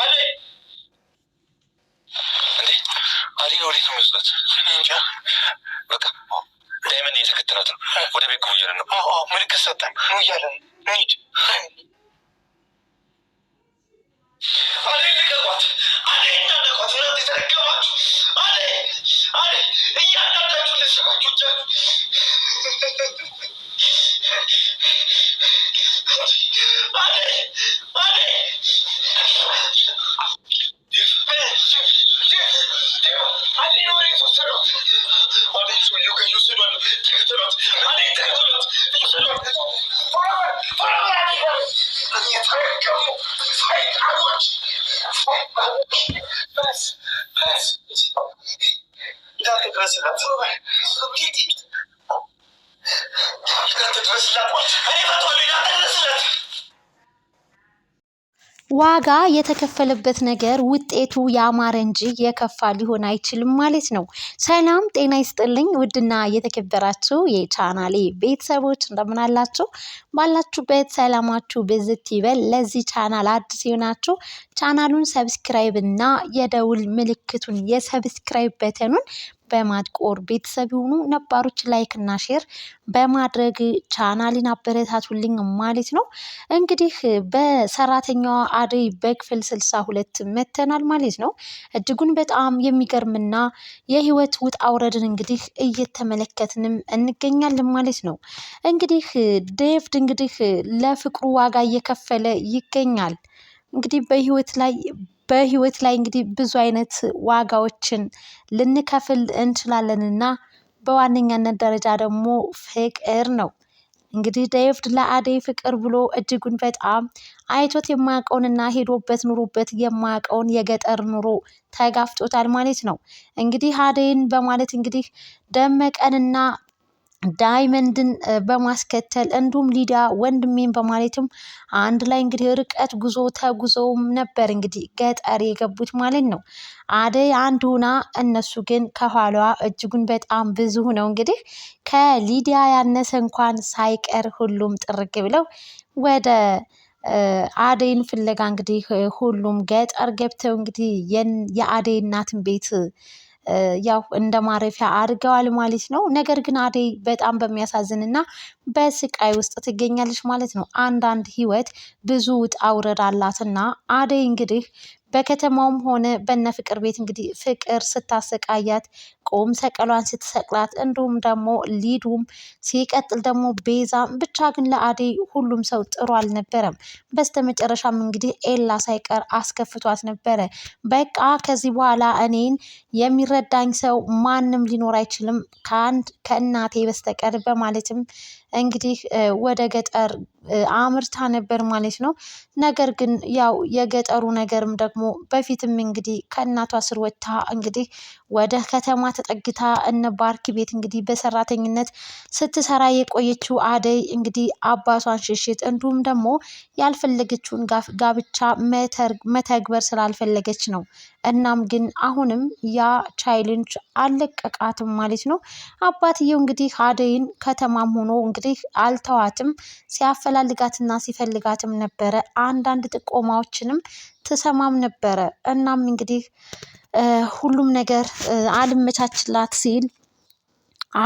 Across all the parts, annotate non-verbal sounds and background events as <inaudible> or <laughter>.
አዴን ወዴት ነው የሚወስዳት? እንጃ በቃ ዳይመን እየተከተላት ነው። ወደ ቤት ግቡ እያለን ነው። ምልክት ሰጠን ነው እያለን እንሂድ። አዴን ልቀቋት! አዴን እንዳለቋት እናንተ የተረገማችሁ! አዴን አዴን እያንዳንዳችሁ ለሰባችሁ እጃችሁ አዴን አዴን ዋጋ የተከፈለበት ነገር ውጤቱ ያማረ እንጂ የከፋ ሊሆን አይችልም ማለት ነው። ሰላም ጤና ይስጥልኝ። ውድና የተከበራችሁ የቻናሌ ቤተሰቦች እንደምናላችሁ ባላችሁበት ሰላማችሁ ብዝት ይበል። ለዚህ ቻናል አዲስ የሆናችሁ ቻናሉን ሰብስክራይብ እና የደውል ምልክቱን የሰብስክራይብ በተኑን በማድቆር ቤተሰብ የሆኑ ነባሮች ላይክ እና ሼር በማድረግ ቻናሊን አበረታቱልኝ ማለት ነው። እንግዲህ በሰራተኛዋ አደይ በክፍል ስልሳ ሁለት መተናል ማለት ነው። እጅጉን በጣም የሚገርምና የህይወት ውጣ ውረድን እንግዲህ እየተመለከትንም እንገኛለን ማለት ነው። እንግዲህ ዴቭድ እንግዲህ ለፍቅሩ ዋጋ እየከፈለ ይገኛል። እንግዲህ በህይወት ላይ በህይወት ላይ እንግዲህ ብዙ አይነት ዋጋዎችን ልንከፍል እንችላለንና በዋነኛነት ደረጃ ደግሞ ፍቅር ነው። እንግዲህ ዴቭድ ለአደይ ፍቅር ብሎ እጅጉን በጣም አይቶት የማያውቀውንና ሄዶበት ኑሮበት የማያውቀውን የገጠር ኑሮ ተጋፍጦታል ማለት ነው። እንግዲህ አደይን በማለት እንግዲህ ደመቀንና ዳይመንድን በማስከተል እንዲሁም ሊዳ ወንድሜን በማለትም አንድ ላይ እንግዲህ ርቀት ጉዞ ተጉዞውም ነበር እንግዲህ ገጠር የገቡት ማለት ነው። አደይ አንድ ሁና እነሱ ግን ከኋላዋ እጅጉን በጣም ብዙ ነው እንግዲህ ከሊዲያ ያነሰ እንኳን ሳይቀር ሁሉም ጥርግ ብለው ወደ አደይን ፍለጋ እንግዲህ ሁሉም ገጠር ገብተው እንግዲህ የአደይ እናትን ቤት ያው እንደ ማረፊያ አድርገዋል ማለት ነው። ነገር ግን አደይ በጣም በሚያሳዝን እና በስቃይ ውስጥ ትገኛለች ማለት ነው። አንዳንድ ህይወት ብዙ ውጣ ውረድ አላትና አደይ እንግዲህ በከተማውም ሆነ በነ ፍቅር ቤት እንግዲህ ፍቅር ስታሰቃያት ቁም ሰቀሏን ስትሰቅላት፣ እንዲሁም ደግሞ ሊዱም ሲቀጥል ደግሞ ቤዛም ብቻ ግን ለአደይ ሁሉም ሰው ጥሩ አልነበረም። በስተመጨረሻም እንግዲህ ኤላ ሳይቀር አስከፍቷት ነበረ። በቃ ከዚህ በኋላ እኔን የሚረዳኝ ሰው ማንም ሊኖር አይችልም ከአንድ ከእናቴ በስተቀር በማለትም እንግዲህ ወደ ገጠር አምርታ ነበር ማለት ነው። ነገር ግን ያው የገጠሩ ነገርም ደግሞ በፊትም እንግዲህ ከእናቷ ስር ወጥታ እንግዲህ ወደ ከተማ ተጠግታ እነ ባርክ ቤት እንግዲህ በሰራተኝነት ስትሰራ የቆየችው አደይ እንግዲህ አባቷን ሽሽት እንዲሁም ደግሞ ያልፈለገችውን ጋብቻ መተግበር ስላልፈለገች ነው እናም ግን አሁንም ያ ቻይልንጅ አልለቀቃትም ማለት ነው። አባትየው እንግዲህ አደይን ከተማም ሆኖ እንግዲህ አልተዋትም፣ ሲያፈላልጋትና ሲፈልጋትም ነበረ። አንዳንድ ጥቆማዎችንም ትሰማም ነበረ። እናም እንግዲህ ሁሉም ነገር አልመቻችላት ሲል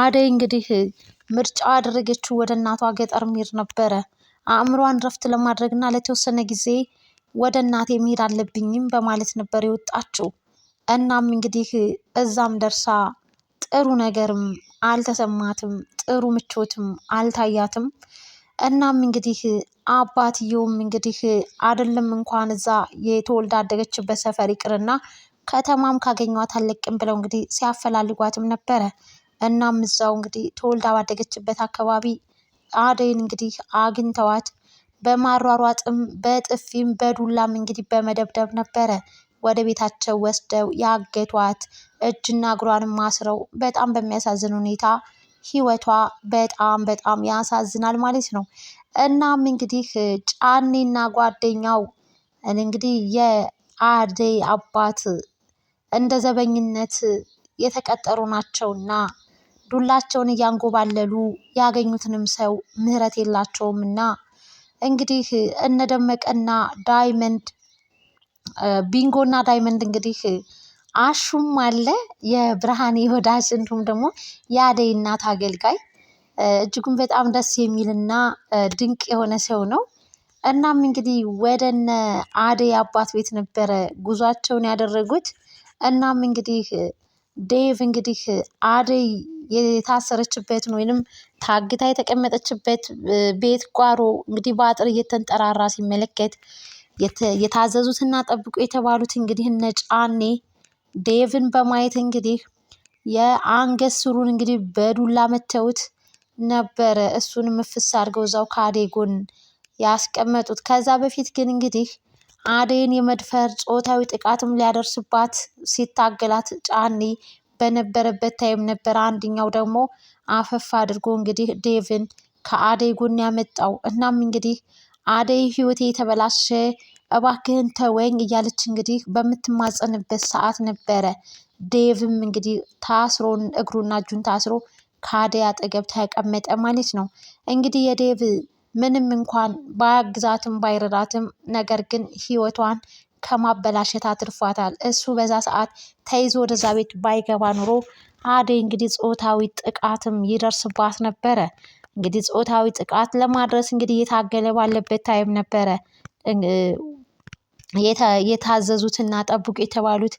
አደይ እንግዲህ ምርጫ አደረገችው ወደ እናቷ ገጠር ሚር ነበረ። አእምሯን ረፍት ለማድረግና ለተወሰነ ጊዜ ወደ እናቴ መሄድ አለብኝም በማለት ነበር የወጣችው። እናም እንግዲህ እዛም ደርሳ ጥሩ ነገርም አልተሰማትም፣ ጥሩ ምቾትም አልታያትም። እናም እንግዲህ አባትየውም እንግዲህ አይደለም እንኳን እዛ የተወልዳ አደገችበት ሰፈር ይቅርና ከተማም ካገኟት አለቅም ብለው እንግዲህ ሲያፈላልጓትም ነበረ። እናም እዛው እንግዲህ ተወልዳ ባደገችበት አካባቢ አደይን እንግዲህ አግኝተዋት በማሯሯጥም በጥፊም በዱላም እንግዲህ በመደብደብ ነበረ ወደ ቤታቸው ወስደው ያገቷት። እጅና እግሯንም አስረው በጣም በሚያሳዝን ሁኔታ ህይወቷ በጣም በጣም ያሳዝናል ማለት ነው። እናም እንግዲህ ጫኔና ጓደኛው እንግዲህ የአደይ አባት እንደ ዘበኝነት የተቀጠሩ ናቸውና ዱላቸውን እያንጎባለሉ ያገኙትንም ሰው ምህረት የላቸውምና እንግዲህ እነደመቀና ዳይመንድ ቢንጎና ዳይመንድ እንግዲህ አሹም አለ የብርሃኔ የወዳጅ እንዲሁም ደግሞ የአደይ እናት አገልጋይ እጅጉን በጣም ደስ የሚልና ድንቅ የሆነ ሰው ነው። እናም እንግዲህ ወደነ አደይ አባት ቤት ነበረ ጉዟቸውን ያደረጉት። እናም እንግዲህ ዴቭ እንግዲህ አደይ የታሰረችበትን ወይንም ታግታ የተቀመጠችበት ቤት ጓሮ እንግዲህ በአጥር እየተንጠራራ ሲመለከት የታዘዙትና ጠብቁ የተባሉት እንግዲህ እነ ጫኔ ዴቭን በማየት እንግዲህ የአንገት ስሩን እንግዲህ በዱላ መተውት ነበረ። እሱን ምፍስ አድርገው እዛው ከአደይ ጎን ያስቀመጡት። ከዛ በፊት ግን እንግዲህ አደይን የመድፈር ጾታዊ ጥቃትም ሊያደርስባት ሲታገላት ጫኒ በነበረበት ታይም ነበር። አንድኛው ደግሞ አፈፍ አድርጎ እንግዲህ ዴቭን ከአደይ ጎን ያመጣው። እናም እንግዲህ አደይ ህይወቴ የተበላሸ እባክህን ተወኝ እያለች እንግዲህ በምትማጸንበት ሰዓት ነበረ። ዴቭም እንግዲህ ታስሮን እግሩና እጁን ታስሮ ከአደይ አጠገብ ተቀመጠ ማለት ነው። እንግዲህ የዴቭ ምንም እንኳን ባያግዛትም ባይረዳትም ነገር ግን ህይወቷን ከማበላሸት አትርፏታል። እሱ በዛ ሰዓት ተይዞ ወደዛ ቤት ባይገባ ኑሮ አደይ እንግዲህ ጾታዊ ጥቃትም ይደርስባት ነበረ። እንግዲህ ጾታዊ ጥቃት ለማድረስ እንግዲህ እየታገለ ባለበት ታይም ነበረ የታዘዙትና ጠብቁ የተባሉት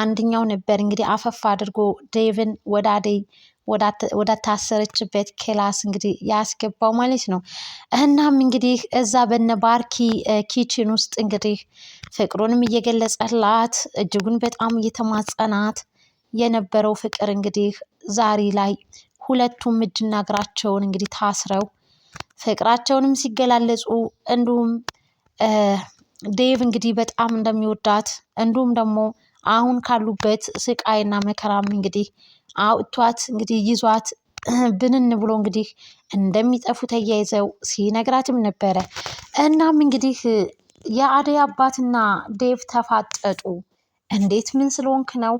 አንድኛው ነበር እንግዲህ አፈፍ አድርጎ ዴቭን ወደ አደይ ወዳታሰረችበት ክላስ እንግዲህ ያስገባው ማለት ነው። እናም እንግዲህ እዛ በነ ባርኪ ኪችን ውስጥ እንግዲህ ፍቅሩንም እየገለጸላት እጅጉን በጣም እየተማጸናት የነበረው ፍቅር እንግዲህ ዛሬ ላይ ሁለቱም እጅና እግራቸውን እንግዲህ ታስረው ፍቅራቸውንም ሲገላለጹ እንዲሁም ዴቭ እንግዲህ በጣም እንደሚወዳት እንዲሁም ደግሞ አሁን ካሉበት ስቃይና መከራም እንግዲህ አውጥቷት እንግዲህ ይዟት <clears throat> ብንን ብሎ እንግዲህ እንደሚጠፉ ተያይዘው ሲነግራትም ነበረ። እናም እንግዲህ የአደይ አባትና ዴቭ ተፋጠጡ። እንዴት ምን ስለሆንክ ነው?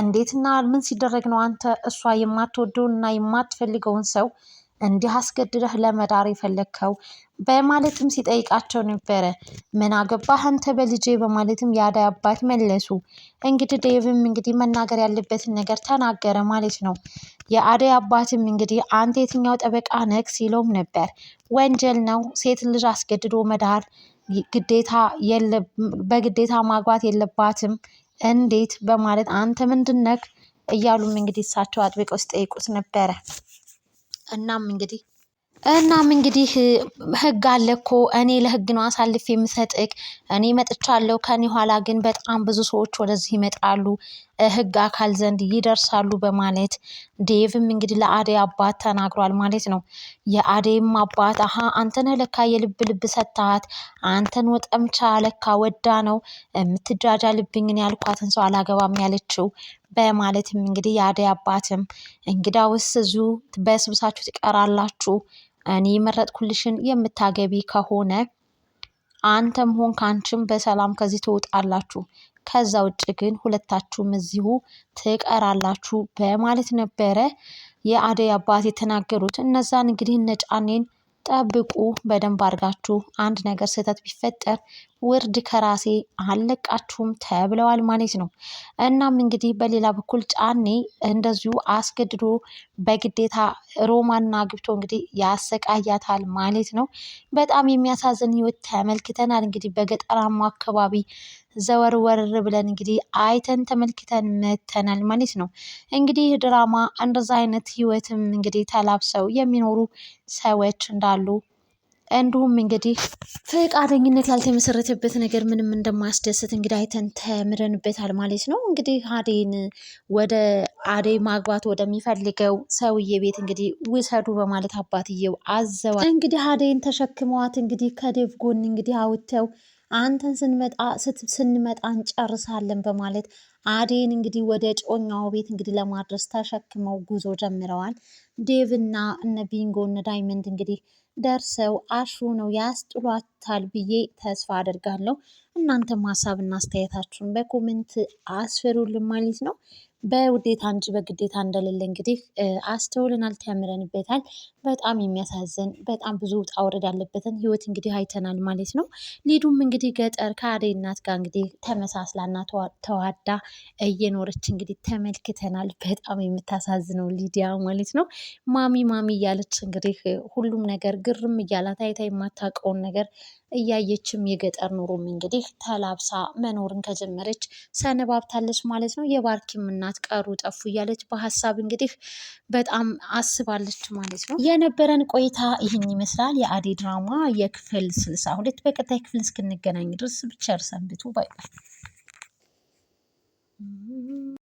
እንዴትና ምን ሲደረግ ነው አንተ እሷ የማትወደውን ና የማትፈልገውን ሰው እንዲህ አስገድደህ ለመዳር የፈለግከው በማለትም ሲጠይቃቸው ነበረ። ምን አገባህ አንተ በልጄ በማለትም የአዳይ አባት መለሱ። እንግዲህ ዴቭም እንግዲህ መናገር ያለበትን ነገር ተናገረ ማለት ነው። የአዳይ አባትም እንግዲህ አንተ የትኛው ጠበቃ ነክ ሲለውም ነበር። ወንጀል ነው ሴት ልጅ አስገድዶ መዳር ግዴታ በግዴታ ማግባት የለባትም እንዴት በማለት አንተ ምንድነክ እያሉም እንግዲህ እሳቸው አጥብቀው ሲጠይቁት ነበረ። እናም እንግዲህ እናም እንግዲህ ህግ አለ እኮ እኔ ለህግ ነው አሳልፌ የምሰጥክ። እኔ መጥቻለሁ፣ ከኔ ኋላ ግን በጣም ብዙ ሰዎች ወደዚህ ይመጣሉ። ህግ አካል ዘንድ ይደርሳሉ በማለት ዴቭም እንግዲህ ለአደይ አባት ተናግሯል ማለት ነው። የአደይም አባት አሀ አንተነ ለካ የልብ ልብ ሰታት አንተን ወጠምቻ ለካ ወዳ ነው የምትጃጃ ልብኝን ያልኳትን ሰው አላገባም ያለችው በማለትም እንግዲህ የአደይ አባትም እንግዳውስ ዙ በስብሳችሁ ትቀራላችሁ እኔ የመረጥኩልሽን የምታገቢ ከሆነ አንተም ሆን ካንችም በሰላም ከዚህ ትወጣላችሁ ከዛ ውጭ ግን ሁለታችሁም እዚሁ ትቀራላችሁ በማለት ነበረ የአደይ አባት የተናገሩት። እነዛን እንግዲህ እነ ጫኔን ጠብቁ በደንብ አድርጋችሁ አንድ ነገር ስህተት ቢፈጠር ውርድ ከራሴ አለቃችሁም ተብለዋል ማለት ነው። እናም እንግዲህ በሌላ በኩል ጫኔ እንደዚሁ አስገድዶ በግዴታ ሮማን አግብቶ እንግዲህ ያሰቃያታል ማለት ነው። በጣም የሚያሳዝን ህይወት ተመልክተናል። እንግዲህ በገጠራማ አካባቢ ዘወርወር ብለን እንግዲህ አይተን ተመልክተን መተናል ማለት ነው። እንግዲህ ድራማ እንደዛ አይነት ህይወትም እንግዲህ ተላብሰው የሚኖሩ ሰዎች እንዳሉ እንዲሁም እንግዲህ ፈቃደኝነት ያልተመሰረተበት ነገር ምንም እንደማያስደስት እንግዲህ አይተን ተምረንበታል ማለት ነው። እንግዲህ አዴን ወደ አዴ ማግባት ወደሚፈልገው ሰውዬ ቤት እንግዲህ ውሰዱ በማለት አባትየው አዘዋል። እንግዲህ አዴን ተሸክመዋት እንግዲህ ከዴቭ ጎን እንግዲህ አውጥተው አንተን ስንመጣ እንጨርሳለን በማለት አዴን እንግዲህ ወደ ጮኛው ቤት እንግዲህ ለማድረስ ተሸክመው ጉዞ ጀምረዋል። ዴቭና እነ ቢንጎ እነ ዳይመንድ እንግዲህ ደርሰው አሹ ነው ያስጥሏታል ብዬ ተስፋ አደርጋለሁ። እናንተም ሀሳብና አስተያየታችሁን በኮሜንት አስፈሩልን ማለት ነው። በውዴታ እንጂ በግዴታ እንደሌለ እንግዲህ አስተውልናል፣ ተምረንበታል። በጣም የሚያሳዝን በጣም ብዙ ውጣ ውረድ ያለበትን ህይወት እንግዲህ አይተናል ማለት ነው። ሊዱም እንግዲህ ገጠር ከአደይ እናት ጋር እንግዲህ ተመሳስላና ተዋዳ እየኖረች እንግዲህ ተመልክተናል። በጣም የምታሳዝነው ሊዲያ ማለት ነው። ማሚ ማሚ እያለች እንግዲህ ሁሉም ነገር ግርም እያላት አይታ የማታውቀውን ነገር እያየችም የገጠር ኑሮም እንግዲህ ተላብሳ መኖርን ከጀመረች ሰነባብታለች ማለት ነው። የባርኪም እናት ቀሩ ጠፉ እያለች በሀሳብ እንግዲህ በጣም አስባለች ማለት ነው። የነበረን ቆይታ ይህን ይመስላል። የአዴ ድራማ የክፍል ስልሳ ሁለት በቀጣይ ክፍል እስክንገናኝ ድረስ ብቻ እርሰንብቱ ባይ